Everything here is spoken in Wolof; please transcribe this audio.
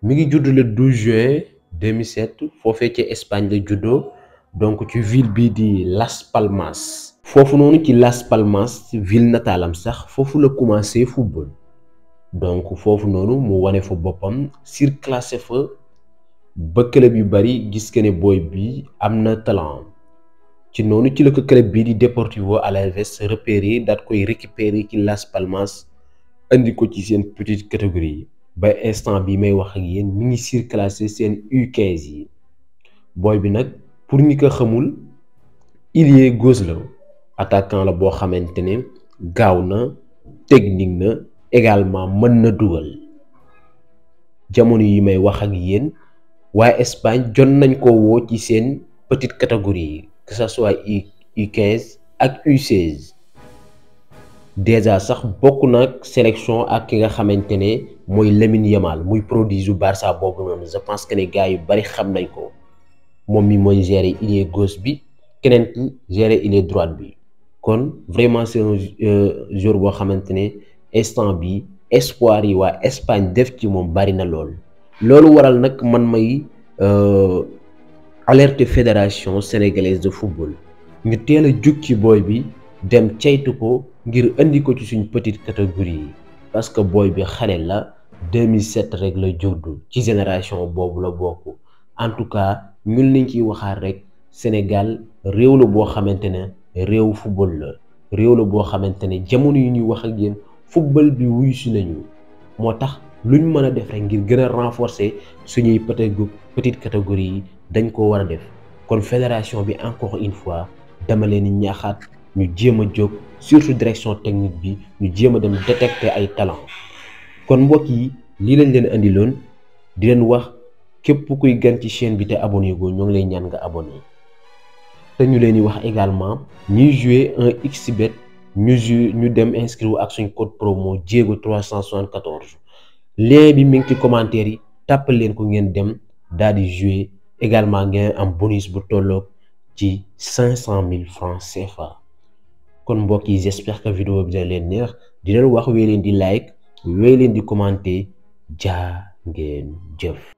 le 12 juin 2007 fofé ci Espagne la judo, donc ci ville de Las Palmas La ville ci Las Palmas ci ville natalam sax fofu la commencé football donc fofu nonu mu wane fa sur surclassé fa ba club yu bari gis que ne bi am talent ci nonu ci la club bi Deportivo Alavés repéré dat koy récupérer ci Las Palmas andi ko ci sen petite catégorie ba instant bi may wax ak yéen mi ngi surclassé sen U15 yi booy bi nak pour ni ko xamul ailier gauche la attaquant la bo xamantene ne gaaw na technique na également mën na dugal jamono yi may wax ak yeen wa Espagne jonn nañ ko wo ci sen petite catégorie que ça soit U15 ak U16 déjà sax bokku nak sélection ak ki nga xamantene moy Lamine Yamal moy produit au Barça bobu non je pense que les gars yu bari xam nañ ko Ils gérer est gauche bi gérer droite kon vraiment c'est un euh, jour bo espoir yi wa Espagne def ci bari na lol lolou waral nak man may euh, alerte fédération sénégalaise de football ñu téla juk ci boy bi dem ceytu ko ngir une petite catégorie parce que boy bi 2007 rek la juddu ci génération bobu la bokk en tout cas ñun liñ ci waxaat rek Sénégal réew la boo xamante réew football la réew la boo xamante ne jamono yi ñuy wax ak yéen football bi wuyu si nañu motax luñ mëna def rek ngir gëna renforcer suñuy petite catégorie dañ ko wara def kon fédération bi encore une fois dama leen di ñu jéem jog surtout direction technique bi ñu jéem dem détecter ay talent kon mbokk yi li lañ leen andi andiloon di leen wax képp kuy gan ci chaîne bi te abonné go ñu ngi lay ñaan nga abonné te ñu leen di wax également ñi jouer un xbet ñu ñu dem inscrire ak suñ code promo jéego 374 lien bi mi ngi ci commentaire yi tapal leen ko ngeen dem daal di jouer également ngeen am bonus bu tolloog ci 500 000 francs CFA kon mbokk yi j'espère que vidéo bi dina leen neex di leen wax wee leen di like. wéy di commenter jaa ngeen jëf